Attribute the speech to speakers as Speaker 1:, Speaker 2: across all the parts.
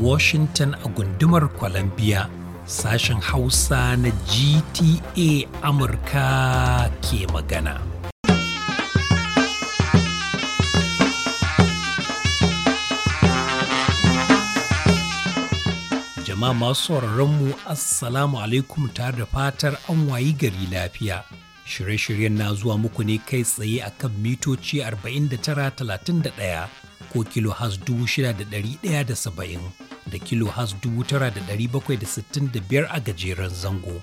Speaker 1: Washington a gundumar Columbia. Sashen Hausa na GTA Amurka ke magana. Jama'a masu mu Assalamu alaikum tare da fatar an wayi gari lafiya. Shirye-shiryen na zuwa muku ne kai tsaye a kan mitoci 49, 31. ko kilo has dubu shida ɗaya da saba'in da kilo has biyar a gajeren zango.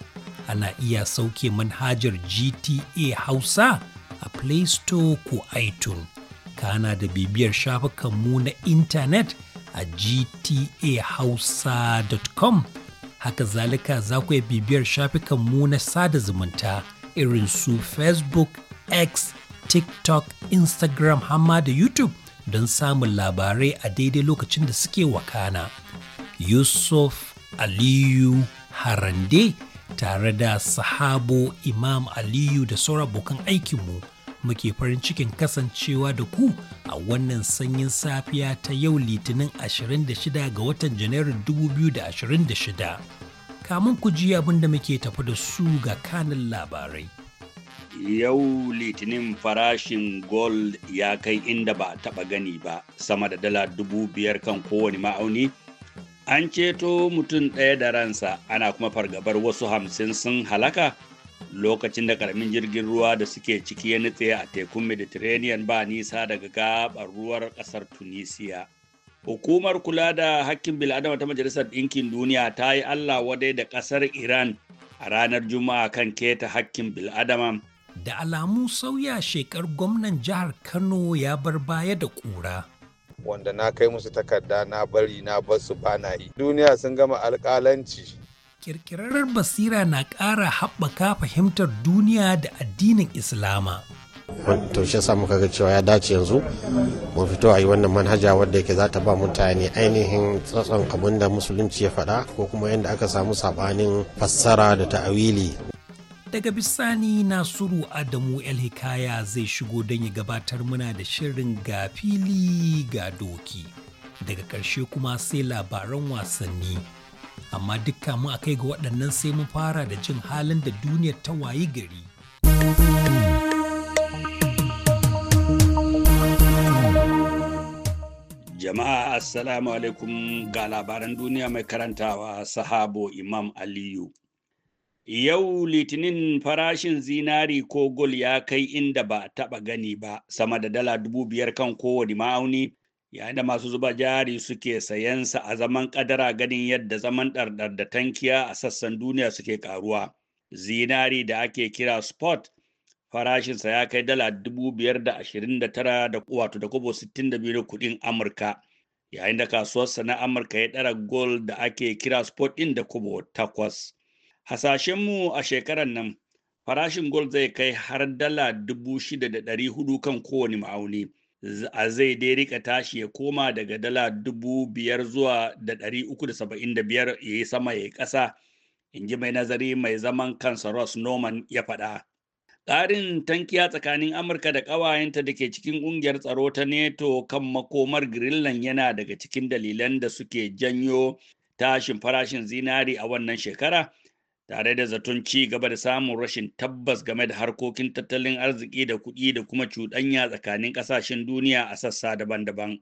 Speaker 1: Ana iya sauke manhajar GTA Hausa a Play Store ko iTunes. Kana da bibiyar mu na intanet a gtahausa.com. Haka zalika za ku bibiyar mu na sada zumunta irin su Facebook, X, TikTok, Instagram, hamma da YouTube. don samun labarai a daidai lokacin da suke wakana. Yusuf Aliyu Harande tare da sahabo Imam Aliyu da saura abokan aikinmu muke farin cikin kasancewa da ku a wannan sanyin safiya ta yau litinin 26 ga watan Janairun 2026. Kamun ku ji abin da muke tafi da su ga kanin labarai.
Speaker 2: Yau litinin farashin gold ya kai inda ba a taba gani ba sama da dala dubu biyar kan kowane ma'auni an ceto mutum ɗaya da ransa ana kuma fargabar wasu hamsin sun halaka lokacin da karamin jirgin ruwa da suke ciki ya nutse a tekun mediterranean ba nisa daga gabar ruwar ƙasar tunisia hukumar kula da hakkin bil'adama ta majalisar ɗinkin duniya ta yi allah wadai da ƙasar iran a ranar juma'a kan keta hakkin bil'adama
Speaker 1: da alamu sauya shekar gwamnan jihar kano ya bar baya da ƙura
Speaker 3: wanda na kai musu takarda na bari na basu bana yi duniya sun gama alƙalanci
Speaker 1: kirkirar basira na ƙara haɓaka fahimtar duniya da addinin islama
Speaker 4: Taushe shi yasa muka cewa ya dace yanzu mu fito a yi wannan manhaja wadda yake za ta ba mutane ainihin tsatson abinda musulunci ya faɗa ko kuma yadda aka samu saɓanin fassara da ta'awili
Speaker 1: Daga bisani Nasiru Adamu Hikaya zai shigo don ya gabatar muna da shirin ga fili ga doki. Daga ƙarshe kuma sai labaran wasanni. Amma dukka mu a kai ga waɗannan sai mu fara da jin halin da duniyar ta wayi gari.
Speaker 2: Jama'a Assalamu alaikum ga labaran duniya mai karantawa sahabo Imam Aliyu. Yau Litinin farashin zinari ko gol ya kai inda ba a taɓa gani ba, sama da dala dubu biyar kan kowane ma'auni, yayin da masu zuba jari suke sayansa a zaman ƙadara ganin yadda zaman ɗarɗar da tankiya a sassan duniya suke karuwa, Zinari da ake kira spot farashinsa ya kai dala dubu biyar da ashirin da tara da wato da kobo sittin da biyu kuɗin Amurka. Yayin da kasuwarsa na Amurka ya ɗara gol da ake kira spot ɗin da kobo takwas. hasashen mu a shekarar nan, farashin gold zai kai har dala dubu shida da dari hudu kan kowane ma'auni. A zai dai rika tashi ya koma daga dala dubu biyar zuwa da dari uku da saba'in da biyar ya yi sama ya yi ƙasa, in ji mai nazari mai zaman kansa Ross Norman ya faɗa. Ƙarin tankiya tsakanin Amurka da ƙawayenta da ke cikin ƙungiyar tsaro ta neto kan makomar Greenland yana daga cikin dalilan da suke janyo tashin farashin zinari a wannan shekara. tare da zaton ci gaba da samun rashin tabbas game da harkokin tattalin arziki da kuɗi da kuma cuɗanya tsakanin ƙasashen duniya a sassa daban-daban.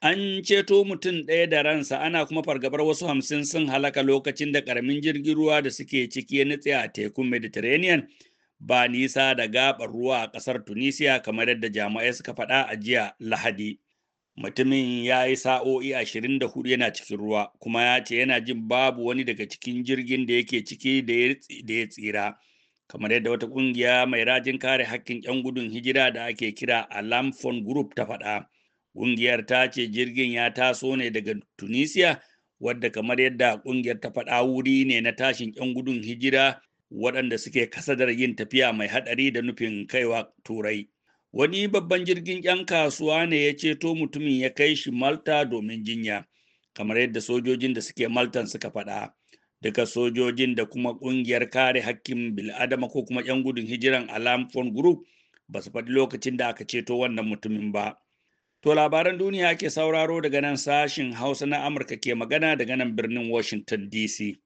Speaker 2: An ceto mutum ɗaya da ransa ana kuma fargabar wasu hamsin sun halaka lokacin da ƙaramin jirgin ruwa da suke ciki ya nutse a tekun Mediterranean ba nisa da gaɓar ruwa a ƙasar Tunisia kamar yadda jami'ai suka faɗa a jiya Lahadi. mutumin ya yi sa'o'i ashirin da hudu yana cikin ruwa kuma ya ce yana jin babu wani daga cikin jirgin da yake ciki da ya tsira kamar yadda wata kungiya mai rajin kare hakkin 'yan gudun hijira da ake kira alamfon phone group ta faɗa kungiyar ta ce jirgin ya taso ne daga tunisia wadda kamar yadda kungiyar ta faɗa wuri ne na tashin 'yan gudun hijira waɗanda suke kasadar yin tafiya mai haɗari da nufin kaiwa turai Wani babban jirgin 'yan kasuwa ne ya ceto mutumin ya kai shi Malta domin jinya, kamar yadda sojojin da suke Maltan suka faɗa. Duka sojojin da kuma ƙungiyar kare hakkin bil'adama ko kuma 'yan gudun hijiran Alam Phone Group ba su faɗi lokacin da aka ceto wannan mutumin ba. To labaran duniya ke sauraro daga nan sashin Hausa na Amurka ke magana daga nan birnin Washington DC.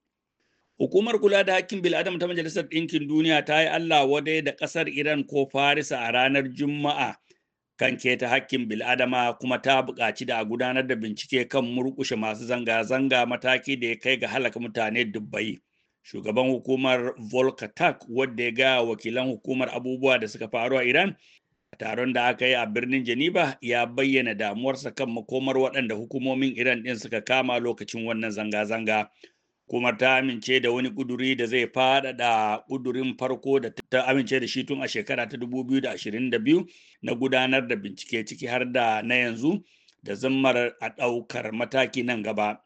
Speaker 2: Hukumar kula da hakkin bil'adam ta Majalisar Ɗinkin Duniya ta yi Allah wadai da ƙasar Iran ko Farisa a ranar Juma'a kan keta hakkin bil'adama kuma ta buƙaci da a gudanar da bincike kan murƙushe masu zanga-zanga mataki da ya kai ga halaka mutane dubbai. Shugaban hukumar Volkatak wadda ya ga wakilan hukumar abubuwa da suka faru a Iran taron da aka yi a birnin Geneva ya bayyana damuwarsa kan makomar waɗanda hukumomin Iran ɗin suka kama lokacin wannan zanga-zanga. zanga zanga kuma ta amince da wani kuduri da zai faɗaɗa ƙudurin farko da ta amince da shi tun a shekara ta 2022 na gudanar da bincike ciki har da na yanzu da zammar a ɗaukar mataki nan gaba.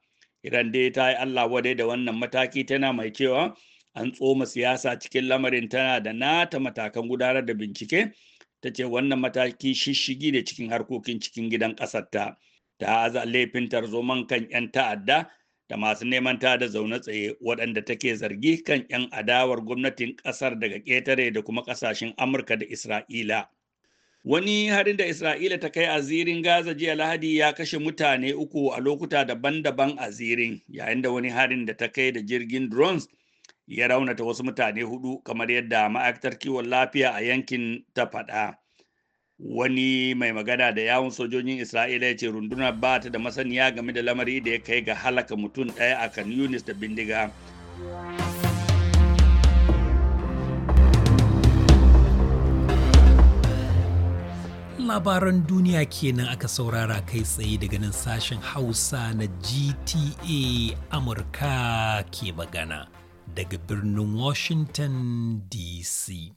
Speaker 2: Iran dai ta yi Allah wadai da wannan mataki tana mai cewa an tsoma siyasa cikin lamarin tana da nata matakan gudanar da bincike ta ce wannan mataki shishigi da cikin harkokin cikin gidan ƙasarta. Ta aza laifin tarzoman kan 'yan ta'adda da masu neman ta da zaune tsaye waɗanda take zargi kan 'yan adawar gwamnatin ƙasar daga ƙetare da kuma ƙasashen Amurka da Isra'ila. Wani harin da Isra'ila ta kai a zirin Gaza jiya Lahadi ya kashe mutane uku a lokuta daban-daban a zirin, yayin da wani harin da ta kai da jirgin drones ya raunata wasu mutane hudu kamar yadda ma'aikatar kiwon lafiya a yankin ta faɗa. wani mai magana da yawun sojojin isra'ila ya ce rundunar ba ta da masaniya game da lamari da ya kai ga halaka mutum ɗaya a kan yunis da bindiga
Speaker 1: labaran duniya kenan aka saurara kai tsaye daga nan sashen hausa na gta amurka ke magana daga birnin washington dc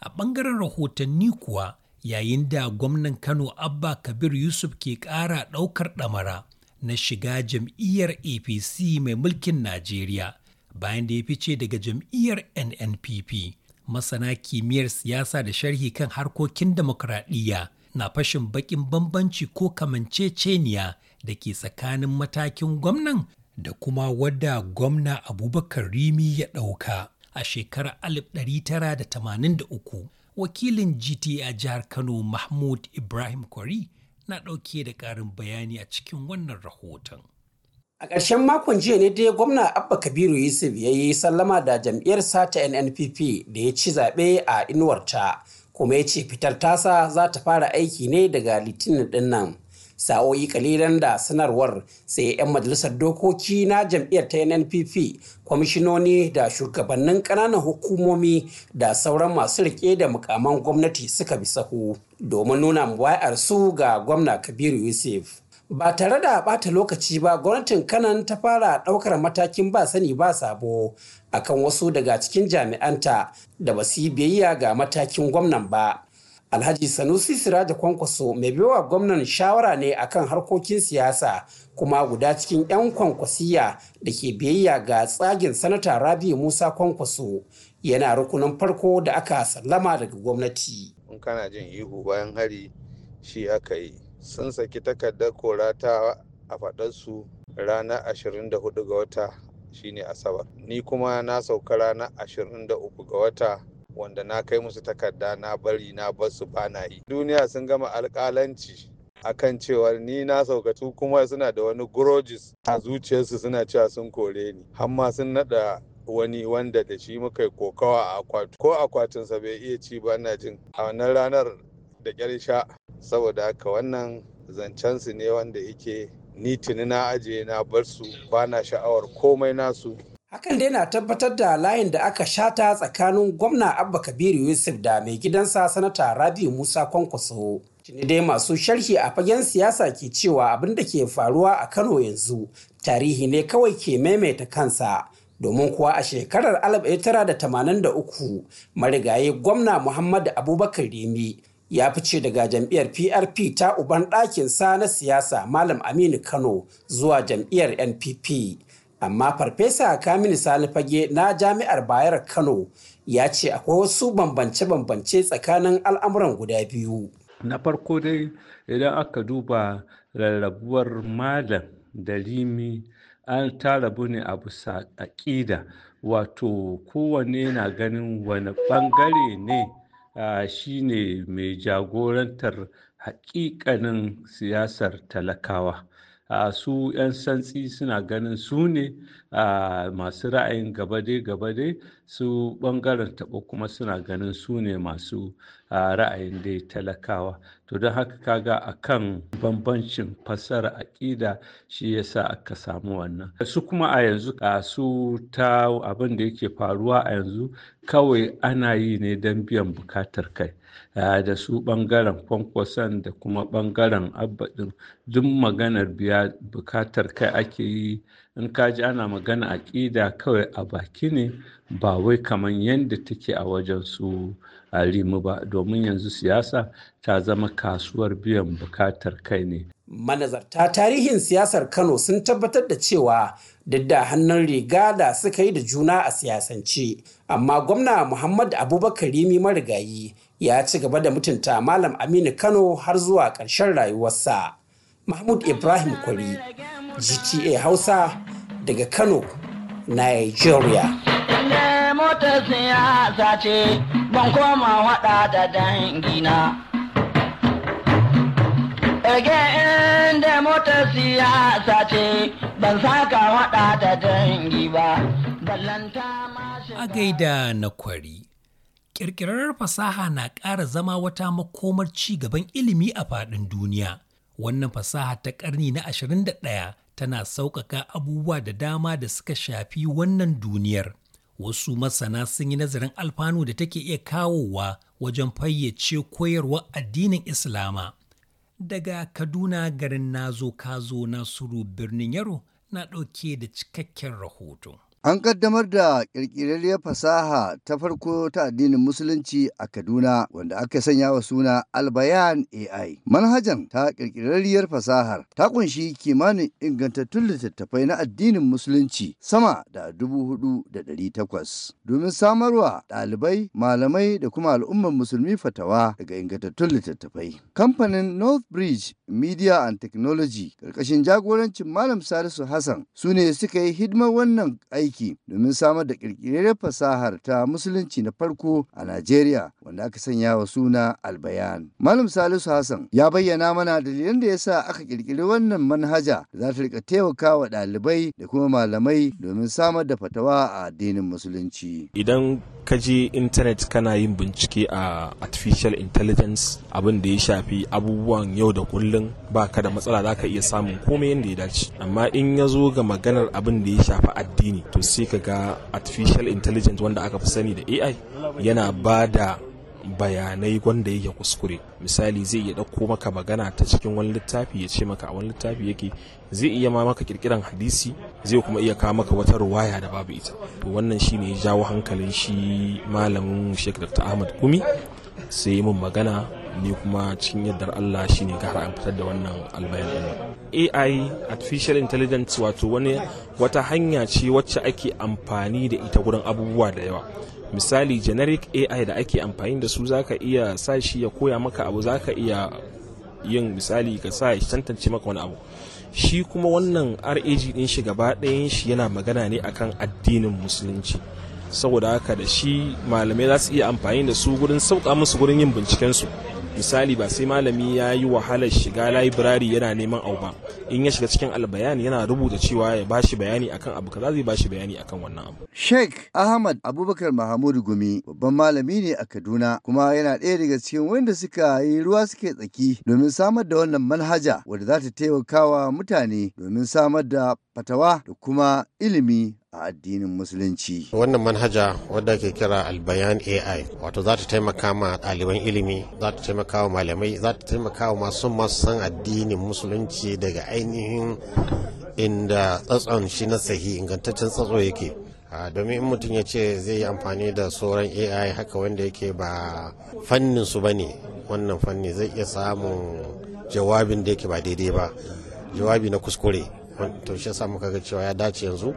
Speaker 1: a ɓangaren rahotanni kuwa yayin da gwamnan Kano Abba Kabir Yusuf ke ƙara ɗaukar ɗamara na shiga jam'iyyar APC mai mulkin Najeriya bayan da ya fice daga jam'iyyar NNPP. Masana kimiyyar siyasa da sharhi kan harkokin demokradiyya na fashin baƙin bambanci ko kamanceceniya da ke tsakanin matakin gwamnan da kuma wadda gwamna Abubakar Rimi ya ɗauka a shekarar 1983. wakilin gta a jihar
Speaker 5: kano mahmud ibrahim kwari
Speaker 1: na ɗauke da ƙarin bayani a cikin wannan rahoton a ƙarshen makon jiya
Speaker 5: ne dai gwamna abba kabiru yusuf ya yi sallama da jam'iyyar sata nnpp da ya ci zaɓe a inuwarta kuma ya ce fitar tasa za ta fara aiki ne daga litinin ɗin nan sa'o'i kalilan da sanarwar sai 'yan majalisar dokoki na jam'iyyar ta nnpp kwamishinoni da shugabannin ƙananan hukumomi da sauran masu rike da mukaman gwamnati suka bi sahu domin nuna wayar su ga gwamna kabiru yusuf ba tare da bata lokaci ba gwamnatin kanan ta fara ɗaukar matakin ba sani ba sabo akan wasu daga cikin jami'anta da ba yi biyayya ga matakin gwamnan ba Alhaji Sanusi Siraja Kwankwaso mai baiwa gwamnan shawara ne akan harkokin siyasa kuma guda cikin 'yan kwankwasiya da ke biyayya ga tsagin sanata Rabi Musa Kwankwaso yana rukunin farko da aka sallama daga gwamnati.
Speaker 3: In kana jin ihu bayan hari shi aka yi. Sun saki takardar kora ta a faɗarsu ranar 24 ga wata shine Asabar. Ni kuma na sauka ranar 23 ga wata wanda na kai musu takarda na bari na basu bana yi duniya sun gama alƙalanci akan cewar ni na saukatu kuma suna da wani grudges a zuciyarsu suna cewa sun kore ni hamma sun nada wani wanda da shi muka yi kokawa a akwati ko akwatinsa bai iya ci ba na jin a wannan ranar da kyar sha saboda haka wannan zancensu ne wanda yake ni tuni na ajiye na bar su ba na sha'awar komai nasu
Speaker 5: Hakan dai na tabbatar da layin da aka shata tsakanin gwamna Abba Kabiru Yusuf da mai gidansa sanata Rabi Musa Kwankwaso. Tuni dai masu sharhi a fagen siyasa ke cewa abin da ke faruwa a Kano yanzu tarihi ne kawai ke maimaita kansa. Domin kuwa a shekarar 1983 marigayi gwamna Muhammadu Abubakar Rimi ya fice daga jam'iyyar PRP ta uban sa na siyasa Malam Aminu Kano zuwa jam'iyyar NPP. amma farfesa Kamilu sani fage na jami'ar bayar kano ya ce akwai wasu bambance-bambance tsakanin al'amuran guda biyu na farko dai
Speaker 6: idan aka duba rarrabuwar malam da limi an tarabu ne a bisa aƙida wato kowane na ganin wani ɓangare ne shi ne mai jagorantar haƙiƙanin siyasar talakawa su 'yan santsi suna ganin su ne masu ra'ayin gabade-gabade su ɓangaren taɓo kuma suna ganin su ne masu ra'ayin dai talakawa to don haka kaga kan bambancin fassara aƙida shi yasa aka samu wannan su kuma a yanzu a su ta abin da yake faruwa a yanzu kawai ana yi ne don biyan bukatar kai da su bangaren kwankwason da kuma bangaren abadin duk maganar biya bukatar kai ake yi in kaji ana magana aƙida kawai a baki ne ba wai kamar yadda take a wajen su limu ba domin yanzu siyasa ta zama kasuwar biyan bukatar kai ne.
Speaker 5: Manazarta tarihin siyasar Kano sun tabbatar da cewa duk da hannun riga da suka yi da juna a siyasance, amma gwamna Muhammad Abubakar Rimi marigayi ya ci gaba da mutunta Malam Aminu Kano har zuwa ƙarshen rayuwarsa. Mahmud Ibrahim Kwari, GTA Hausa daga Kano, Nigeria.
Speaker 7: ta siya sace ban koma waɗa da dangina. Ege inda mota siya
Speaker 1: sace ban saka waɗa da dangi ba.
Speaker 8: A gaida
Speaker 1: na kwari. Ƙirƙirar fasaha na ƙara zama wata makomar ci gaban ilimi a faɗin duniya. Wannan fasaha ta ƙarni na 21 tana sauƙaƙa abubuwa da dama da suka shafi wannan duniyar. Wasu masana sun yi nazarin alfanu da take iya kawowa wajen fayyace koyarwa addinin Islama. Daga Kaduna garin nazo kazo Nasiru birnin Yaro na ɗauke da cikakken rahoto.
Speaker 8: An kaddamar da ƙirƙirarriyar fasaha ta farko ta addinin Musulunci a Kaduna wanda aka sanya wa suna Albayan AI. Manhajan ta ƙirƙirarriyar fasahar ta kunshi kimanin ingantattun littattafai na addinin Musulunci sama da dubu hudu da ɗari takwas. Domin samarwa ɗalibai, malamai da kuma al'ummar musulmi fatawa daga ingantattun littattafai. Kamfanin Northbridge Media and Technology ƙarƙashin jagorancin Malam Salisu Hassan su ne suka yi hidimar wannan aiki. aiki domin samar da ƙirƙirar fasahar ta musulunci na farko a Najeriya wanda aka sanya wa suna albayan. Malam Salisu Hassan ya bayyana mana dalilan da yasa aka kirkiri wannan manhaja da za ta rika taimaka wa ɗalibai da kuma malamai domin samar da fatawa a addinin musulunci.
Speaker 9: Idan ka je intanet kana yin bincike a artificial intelligence abin da ya shafi abubuwan yau da kullum ba ka da matsala za ka iya samun komai yadda ya dace amma in ya zo ga maganar abin da ya shafi addini to sai ka ga artificial intelligence wanda aka fi sani da ai yana ba da bayanai wanda yake kuskure misali zai iya ɗauko maka magana ta cikin wani littafi ya ce maka a wani littafi yake zai iya ma maka kirkiran hadisi zai kuma iya kawo maka wata ruwaya da babu ita to wannan shi ne jawo hankalin shi malamin shekarar ta Ahmad kumi sai mun magana ni kuma cikin yadda Allah shi ne gara an fitar da wannan albayan AI artificial intelligence wato wani wata hanya ce wacce ake amfani da ita gurin abubuwa da yawa misali generic AI da ake amfani da su zaka iya sa shi ya koya maka abu zaka iya yin misali ka sa shi tantance maka wani abu shi kuma wannan RAG din shi gaba ɗayan shi yana magana ne akan addinin musulunci saboda haka da shi malamai za su iya amfani da su gurin sauka musu gurin yin bincikensu misali ba sai malami ya yi wahalar shiga laibirari yana neman au ba in ya shiga cikin albayani yana rubuta cewa ya bashi bayani akan abu kaza zai bashi bayani akan wannan abu
Speaker 8: Sheikh Ahmad Abubakar Mahamudu Gumi babban malami ne a Kaduna kuma yana ɗaya daga cikin wanda suka yi ruwa suke tsaki domin samar da wannan manhaja wadda za ta taimakawa mutane domin samar da fatawa da kuma ilimi a addinin musulunci. Wannan manhaja
Speaker 4: wadda ke kira albayan AI wato za ta taimaka ma ɗaliban ilimi za ta taimaka wa malamai za ta taimaka wa masu masu san addinin musulunci daga ainihin inda tsatson shi na sahi ingantaccen tsatso yake. domin in mutum ya ce zai yi amfani da sauran ai haka wanda yake ba fannin su bane wannan fanni zai iya samun jawabin da yake ba daidai ba jawabi na kuskure taushe shi yasa muka ga cewa ya dace yanzu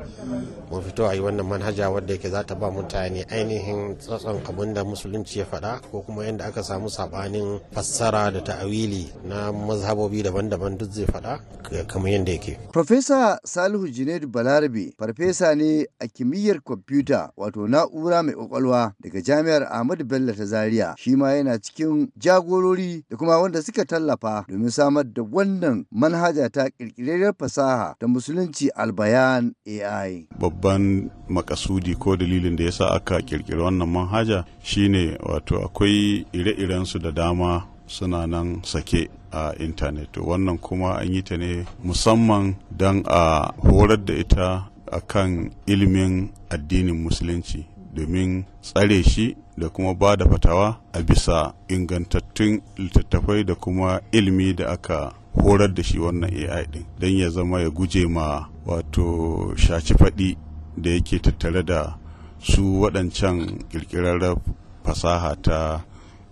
Speaker 4: mu fito a yi wannan manhaja wadda yake za ta ba mutane ainihin tsatson abin da musulunci ya faɗa ko kuma yadda aka samu sabanin fassara da ta'awili na mazhabobi daban-daban duk zai faɗa kamar yadda yake.
Speaker 8: farfesa Salihu Junaid Balarabe farfesa ne a kimiyyar kwamfuta wato na'ura mai kwakwalwa daga jami'ar Ahmadu Bello ta Zaria shi ma yana cikin jagorori da kuma wanda suka tallafa domin samar da wannan manhaja ta ƙirƙirar fasaha da musulunci albayan AI.
Speaker 4: Babban makasudi ko dalilin da ya sa aka kirkiri wannan manhaja shine wato akwai ire-irensu da dama suna nan sake a intanet wannan kuma an yi ta ne musamman don a horar da ita a kan ilimin addinin musulunci domin tsare shi da kuma ba da fatawa a bisa ingantattun littattafai da kuma ilimi da aka horar da shi wannan ai din don ya zama ya guje ma wato shaci faɗi da yake tattare da su waɗancan ƙirƙirar fasaha ta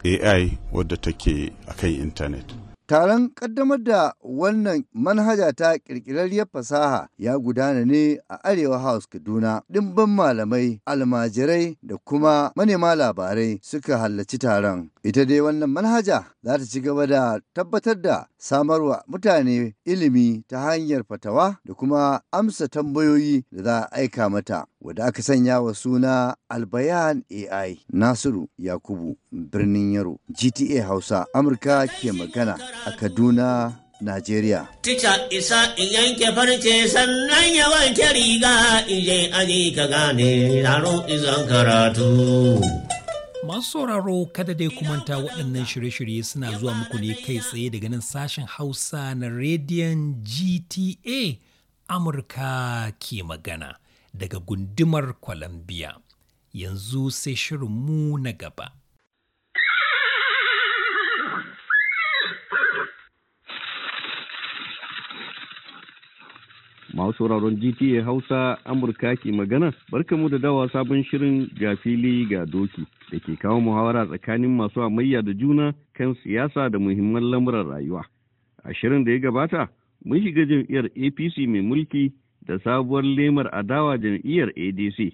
Speaker 4: ai wadda take akan intanet
Speaker 8: Taron ƙaddamar da wannan manhaja ta ƙirƙirarriyar fasaha ya gudana ne a Arewa House Kaduna. Ɗimbin malamai, almajirai da kuma manema labarai suka halarci taron. Ita dai wannan manhaja za ta ci gaba da tabbatar da samarwa mutane ilimi ta hanyar fatawa da kuma amsa tambayoyi da za a aika mata wadda aka sanya wa suna Albayan AI Nasiru Yakubu birnin Yaro GTA Hausa Amurka ke magana a Kaduna Najeriya.
Speaker 3: Tita isa in yanke
Speaker 4: farce sannan ya wanke riga in je aji ka gane yaro izan karatu.
Speaker 1: Masu sauraro kada dai kumanta waɗannan shirye-shirye suna zuwa muku ne kai tsaye daga nan sashen Hausa na rediyon GTA Amurka ke magana daga gundumar Columbia. Yanzu sai shirin mu na gaba.
Speaker 10: masu sauraron GTA Hausa Amurka ke magana mu da dawa sabon shirin ga fili ga doki da ke kawo muhawara tsakanin masu amayya da juna kan siyasa da muhimman lamuran rayuwa. A shirin da ya gabata mun shiga jam'iyyar APC mai mulki da sabuwar lemar adawa jam'iyyar ADC.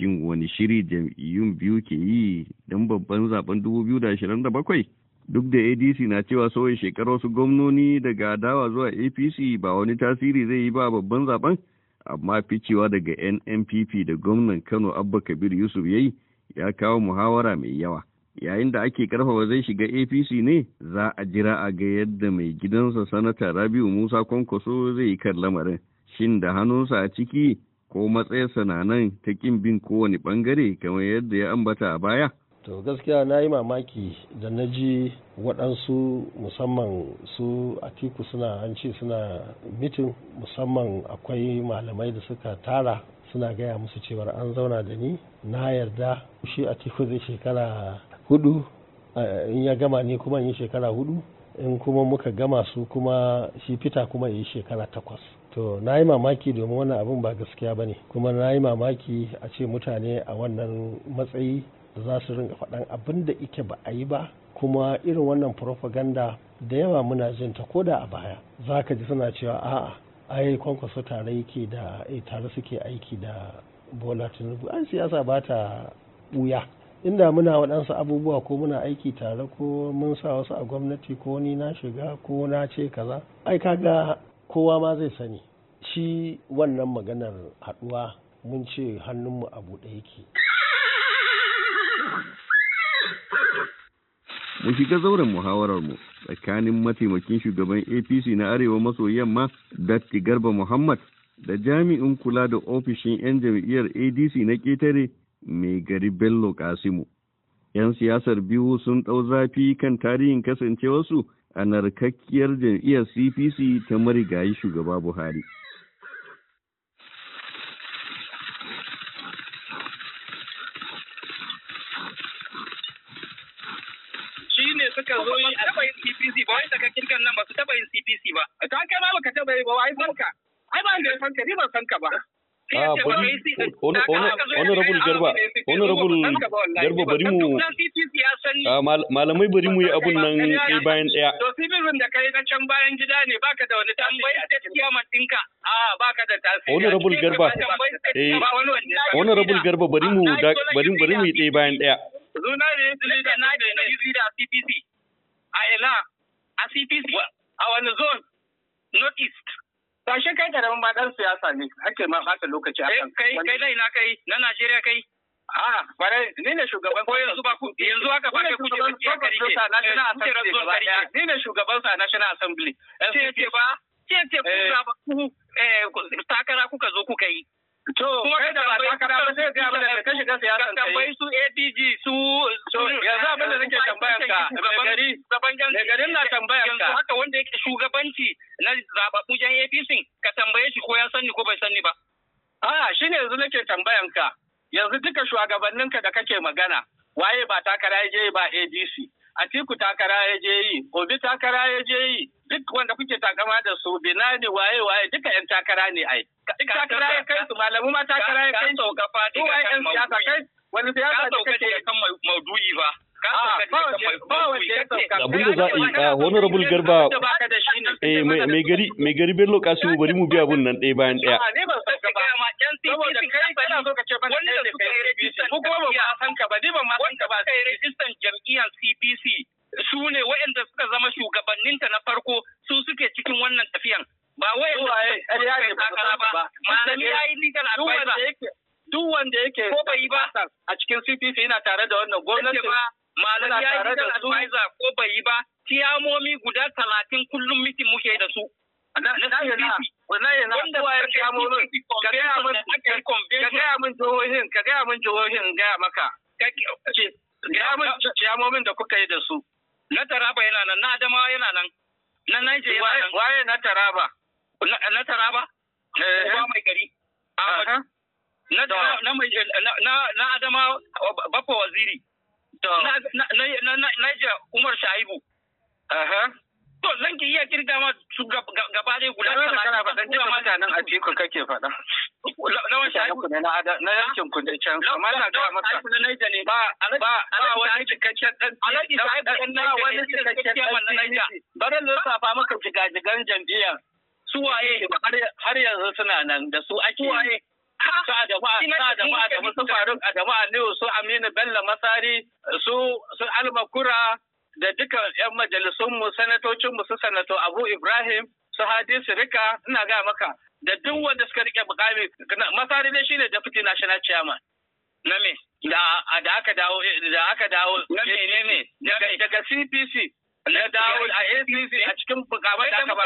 Speaker 10: Shin wani shiri jam'iyyun biyu ke yi don babban zaben 2027? duk da adc na cewa sauya shekaru wasu gwamnoni daga adawa zuwa apc ba wani tasiri zai yi ba babban zaben amma ficewa daga nnpp da gwamnan kano abba kabir yusuf yayi ya kawo muhawara mai yawa yayin da ake karfafa zai shiga apc ne za a jira a ga yadda mai gidansa sanata rabiu musa kwankwaso zai yi kan lamarin shin da hannunsa a ciki ko matsayarsa na nan ta kin bin kowane bangare kamar yadda ya ambata a baya to gaskiya na yi mamaki
Speaker 11: da na ji waɗansu musamman su atiku suna an ce suna mitin musamman akwai malamai da suka tara suna gaya musu cewar an zauna da ni na yarda shi atiku zai shekara hudu in ya gama ni kuma yi shekara hudu in kuma muka gama su kuma shi fita kuma yi shekara takwas to na yi mamaki domin wannan abin ba gaskiya ba ne kuma na yi mamaki a ce mutane a wannan matsayi za su ringa faɗan abin da ike ba a yi ba kuma irin wannan propaganda da yawa muna jin ta koda a baya za ka ji suna cewa a'a ai kwankwaso tare yake da eh, tare suke aiki da bola tinubu an siyasa ba ta buya inda muna waɗansu abubuwa ko muna aiki tare ko mun sa wasu a gwamnati ko ni na shiga ko na ce kaza ai kaga kowa ma zai sani shi wannan maganar haɗuwa mun ce hannunmu a buɗe yake
Speaker 10: mu shiga zauren muhawarar mu tsakanin mataimakin shugaban apc na arewa maso yamma datti garba muhammad da jami'in kula da ofishin 'yan jam'iyyar adc na ƙetare mai gari bello kasimu 'yan siyasar biyu sun ɗau zafi kan tarihin kasancewarsu a narkakkiyar jam'iyyar cpc ta marigayi shugaba buhari
Speaker 7: zo a taba yin CPC ba wai saka garba bari mu ah,
Speaker 10: malamai bari mu yi abun nan kai bayan ɗaya to
Speaker 7: sibirin da kai na can bayan gida ne baka da wani tambayi a gaskiya matinka a baka da
Speaker 10: tasiri honorable garba eh honorable garba bari ah, mu bari mu yi ɗaya bayan ɗaya
Speaker 7: zuna ne da na da CPC a ina a cpc a wani zone north east Sashe kai da ba dan siyasa ne, ake ma haka lokaci a kan. Kai kai na ina kai na Najeriya kai. A bare ni ne shugaban ko yanzu ba ku yanzu aka ba ka kuje ba ki ka rike. National eh, Assembly Ni ne shugaban sa National Assembly. Eh, ce ce ba ce ce eh, ku ba ku eh takara kuka zo kuka yi. To, kai da ba ta kada ba zai gaya mana da kashe kansa ya san kai. su ADG su to mm, yanzu abin da nake mm. tambayar ka da gari da garin na tambayar ka. Haka wanda yake shugabanci na zababbu jan APC ka tambaye shi ko ya sani ko bai sani ba. A'a shine yanzu nake tambayan ka. Yanzu duka shugabanninka da kake magana waye ba takara ya je ba ADC. Atiku takara ya je yi, Obi takara ya je yi, duk wanda kuke takama da su Binani waye waye duka yan takara ne ai. Takara ya kai su malamu ma takara ya kai su. Ka sauka yan siyasa kai wani siyasa da kake kan maudu'i ah, ba. abin da za a yi wani rabul garba eh,
Speaker 10: mai gari bello kasu bari mu biya abun nan ɗaya bayan ɗaya
Speaker 7: ah, na ba eh. mai gari eh, na adama bappa waziri na na umar shaibu to zan ki iya kirga ma su gaba dai guda talatin kana faɗan duka mutanen a cikin kake faɗa lawan shaibu ne na na yankin ku can amma na ga maka ba ba ba wani cikakken dan alaji shaibu dan na wani cikakken dan na Naija ta fa maka jigajigan jam'iyyar suwaye har yanzu suna nan da su ake yi su Adamu Adamu da su Faruk Adamu ne su Aminu Bello Masari su su Alma Kura da duka yan majalisunmu sanatocinmu su sanato Abu Ibrahim su Hadisu Rika ina ga maka da duk wanda suka rike bukami Masari ne shine deputy national chairman na me da da aka dawo da aka dawo na ne. daga CPC na dawo a ACC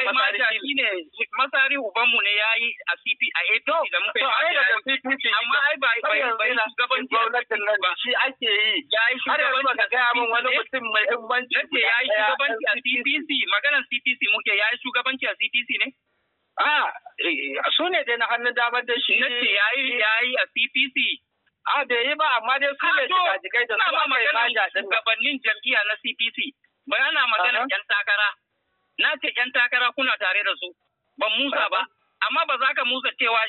Speaker 7: Maja shi ne ne ya yi a CP a APC da yi da amma ai ba bai bai gwamnatin nan shi ake yi ya yi ka ga mun wani mutum mai himmanci a CPC maganar CPC muke ya yi a CPC ne a eh, su ne dai na hannun damar da shi nace ya yi a CPC a bai yi ba amma dai su ne shiga jigai da su yi maja din gabanin jam'iyya na CPC ana maganar yan takara na ce yan takara kuna tare da su ban musa ba amma ba za ka musa cewa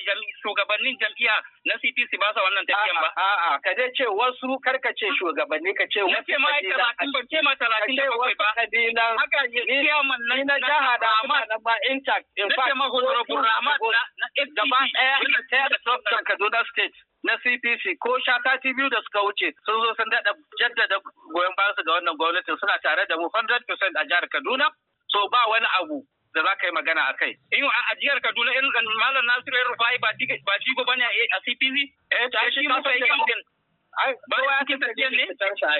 Speaker 7: shugabannin jam'iyya na CPC ba sa wannan tafiyan ba. A'a, ka dai ce wasu karka ce shugabanni ka ce wasu Na ce ma ai talatin ban ce ma talatin da bakwai ba. Haka ne kiyaman nan na jaha da amma na ma intact. In fact, ma honorable Rahmat na gaba ɗaya ina taya da Southern Kaduna State. na CPC ko shatati biyu da suka wuce sun zo sun daɗa jaddada goyon bayansu ga wannan gwamnatin suna tare da mu 100% a jihar Kaduna so ba wani abu da za ka yi magana a kai. In a jihar Kaduna in Malam Nasiru ya rufa ba jigo ba ne a CPC? Eh, ta shi ma sai yin din. Ba ya fi tafiyan ne?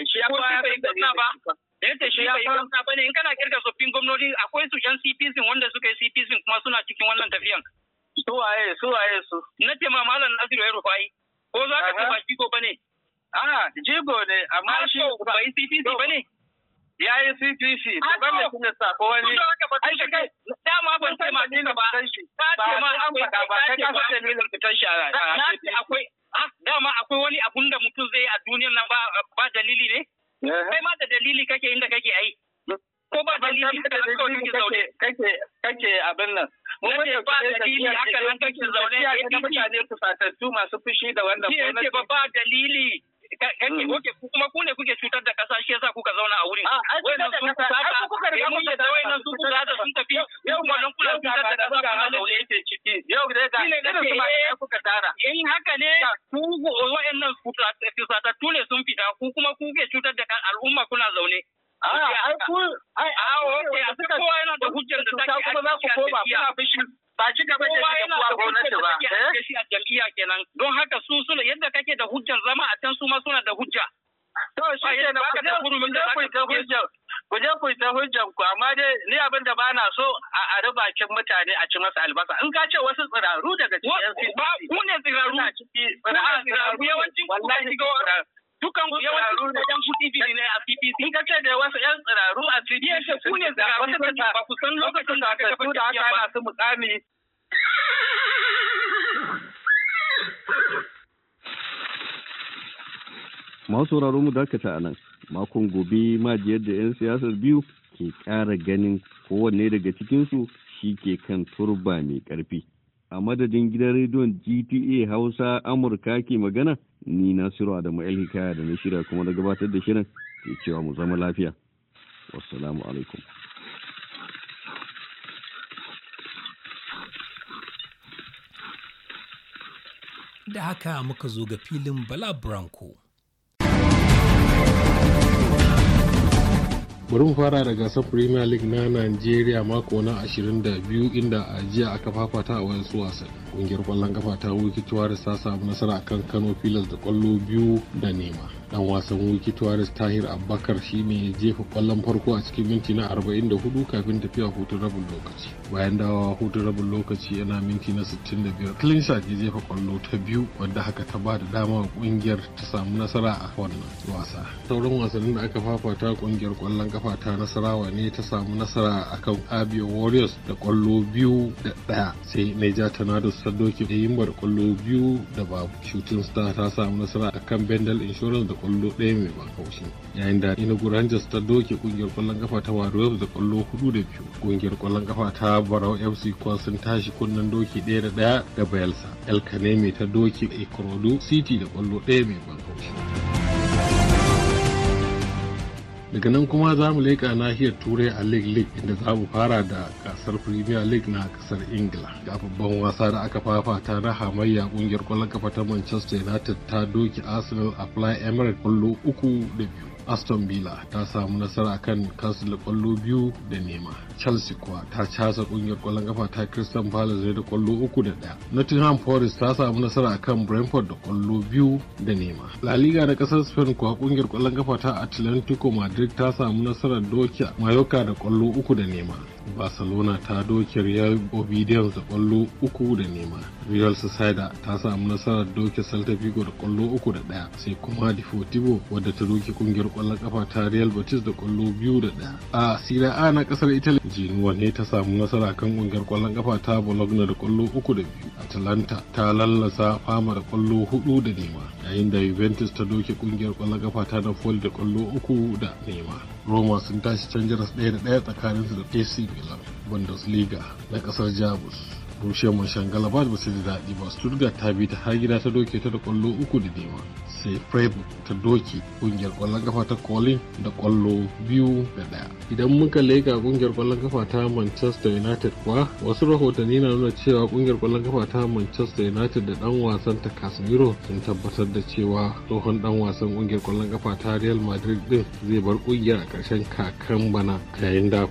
Speaker 7: Shi ya fi tafiyan ba. Yadda shi ya fi tafiyan ba ne in kana kirga tsoffin gwamnoni akwai su yan CPC wanda suka yi CPC kuma suna cikin wannan tafiyan. Su waye su waye su. Na ce ma Malam Nasiru ya rufa Ko za ka ce ba jigo ba ne? Ah, jigo ne amma ah, shi ba yi CPC ba ne? ya yi CPC to ban da kuma sako wani ai da kai dama ban sai ma duka ba ka ce ma an faɗa ba kai ka san dalilin fitar shi a na akwai ah, dama akwai wani abun da mutum zai a duniyar nan ba dalili ne eh. kai ma da dalili kake inda kake ai ko ba dalili da kake zaune kake kake abin nan mun ba dalili haka nan kake zaune ya ga mutane kusatattu masu fushi da wannan gwamnati ba ba dalili kake mm. oke kuma ku ne kuke cutar da kasa shi yasa kuka zauna a wurin ah, wayannan sun kuka ta kuka riga eh, mun yadda wayannan sun kuka ta sun tafi yau ma don kula cutar da kasa ga halin da yake ciki yau da ga irin su ma eh, kuka tara eh, in haka ne ku wayannan fusatattu ne sun fita ku kuma kuke cutar da al'umma kuna zaune a'a ah, ai ku ai ah, a suka kowa yana da hujjar da take a kuma za ku ba ci gaba da shi kuwa gwamnati ba eh shi a jam'iyya kenan don haka su suna yadda kake da hujjar zama a can su ma suna da hujja to shi ba da ku je ku ta hujja ku je ku ta hujjar ku amma dai ni abin da bana so a ari bakin mutane a ci masa albasa in ka ce wasu tsiraru daga cikin ba ku ne tsiraru tsiraru yawancin ku dukan ku yawanci wajen biyu ne a PPC in kace da wasu yan tsiraru a biyar yace ku ne da wasu da ba ku san lokacin da aka tafi da aka hana su mukami
Speaker 10: masu sauraro mu dakata a nan makon gobe majiyar da 'yan siyasar biyu ke ƙara ganin kowanne daga cikinsu shi ke kan turba mai ƙarfi a madadin gidan rediyon gta hausa amurka ke magana ni nasiru adamu el hikaya da na shirya kuma na gabatar da shirin ke cewa mu zama lafiya wassalamu alaikum
Speaker 1: da haka muka zo ga filin bala branko
Speaker 12: bari mu fara da gasar premier league na nigeria mako na 22 inda a jiya aka fafata a wayansu wasan kungiyar kwallon kafa ta tuwa da ta samu nasara akan kano pilas da kwallo biyu da nema dan wasan wiki tuwaris tahir abubakar shi ne jefa kwallon farko a cikin minti na 44 kafin tafiya hutun rabin lokaci bayan dawowa hutun rabin lokaci yana minti na 65 clinshard ya jefa kwallo ta biyu wanda haka ta ba da dama kungiyar ta samu nasara a wannan wasa sauran wasannin da aka fafata kungiyar kwallon kafa ta nasarawa ne ta samu nasara akan abia warriors da kwallo biyu da daya sai naija tornadoes ta doke da yimba kwallo biyu da babu shooting star ta samu nasara akan bendel insurance da kwallo ɗaya mai ban kaushi yayin da inugu rangers ta doke kungiyar kwallon kafa ta warriors da kwallo hudu da biyu kungiyar kwallon kafa ta barau fc kwan sun tashi kunnen doki ɗaya da ɗaya da bayelsa el ta doke ikorodu city da kwallo ɗaya mai ban kaushi daga nan kuma za mu leƙa nahiyar turai a league league inda za mu fara da gasar premier league na kasar ingila ga babban wasa da aka fafata na hamayya kungiyar kwallon kafa ta manchester united ta doki arsenal a fly emirates kwallo uku da biyu aston villa ta samu nasara a kan kansu kwallo biyu da nema chelsea kuwa ta casa kungiyar kwallon kafa ta crystal palace da kwallo uku da daya nottingham forest ta samu nasara kan brentford da kwallo biyu da nema la liga na kasar spain kuwa kungiyar kwallon kafa ta atlantico madrid ta samu nasarar dokia mayoka da kwallo uku da nema barcelona ta doke real obidiyar da kwallo uku da nema real sociedad ta samu nasarar doke celta vigo da kwallo uku da daya sai kuma deportivo wadda ta doke kungiyar kwallon kafa ta real betis da kwallo biyu da daya a sira a na kasar italy jinuwa ne ta samu nasara kan kungiyar kwallon kafa ta bologna da kwallo uku da biyu atalanta ta lallasa fama da kwallo hudu da nema yayin da juventus ta doke kungiyar kwallon kafa ta napoli da kwallo uku da nema roma sun tashi can jiras ɗaya da ɗaya su da ac milan bundesliga na ƙasar jabus rushe mun shangala ba ba su da daɗi ba stuttgart ta bi ta har gida ta doke ta da kwallo uku da nema sai Prep ta doki kungiyar kwallon kafa ta Colin da kwallo biyu da daya. Idan muka leka kungiyar kwallon kafa ta Manchester United kuwa wasu rahotanni na nuna cewa kungiyar kwallon kafa ta Manchester United da dan wasan ta Casemiro sun tabbatar da cewa tsohon dan wasan kungiyar kwallon kafa ta Real Madrid din zai bar kungiyar a karshen kakan bana yayin da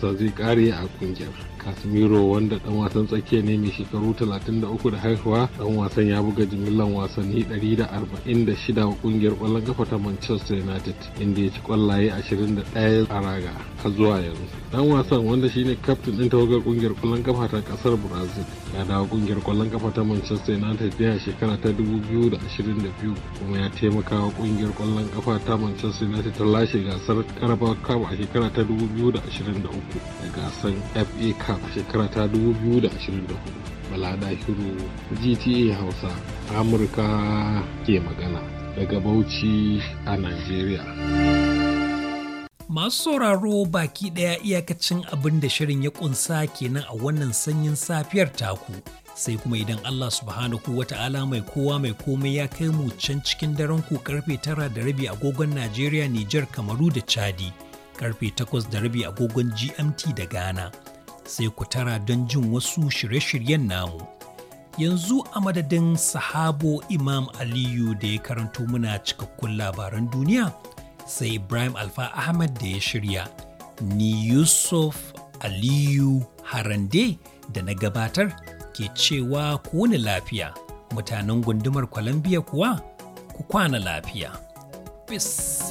Speaker 12: sa zai kare a kungiyar. Casemiro wanda dan wasan tsakiya ne mai shekaru 33 da haihuwa dan wasan ya buga jimillan wasanni 140 shida wa kungiyar kwallon kafa ta Manchester United inda ya ci kwallaye 21 a raga har zuwa yanzu. Dan wasan wanda shine kaftin din tawagar kungiyar kwallon kafa ta kasar Brazil ya dawo kungiyar kwallon kafa ta Manchester United ne a shekara ta 2022 kuma ya taimaka wa kungiyar kwallon kafa ta Manchester United ta lashe gasar Carabao Cup a shekara ta 2023 da gasar FA Cup a shekara ta 2024. Balada Hiro GTA Hausa amurka ke magana daga bauchi a nigeria
Speaker 1: masu sauraro baki ɗaya iyakacin abin da shirin ya kunsa kenan a wannan sanyin safiyar taku sai kuma idan Allah subhanahu wa ta'ala mai kowa mai komai ya kai mu can cikin daren ku karfe tara da rabi agogon Najeriya Nijar Kamaru da Chadi karfe takwas da rabi agogon GMT da Ghana sai ku tara don jin wasu shirye-shiryen namu. yanzu a madadin sahabo imam aliyu da ya karanto muna cikakkun labaran duniya sai ibrahim alfa ahmad da ya shirya ni yusuf aliyu harande da na gabatar ke cewa ku lafiya mutanen gundumar columbia kuwa ku kwana lafiya bis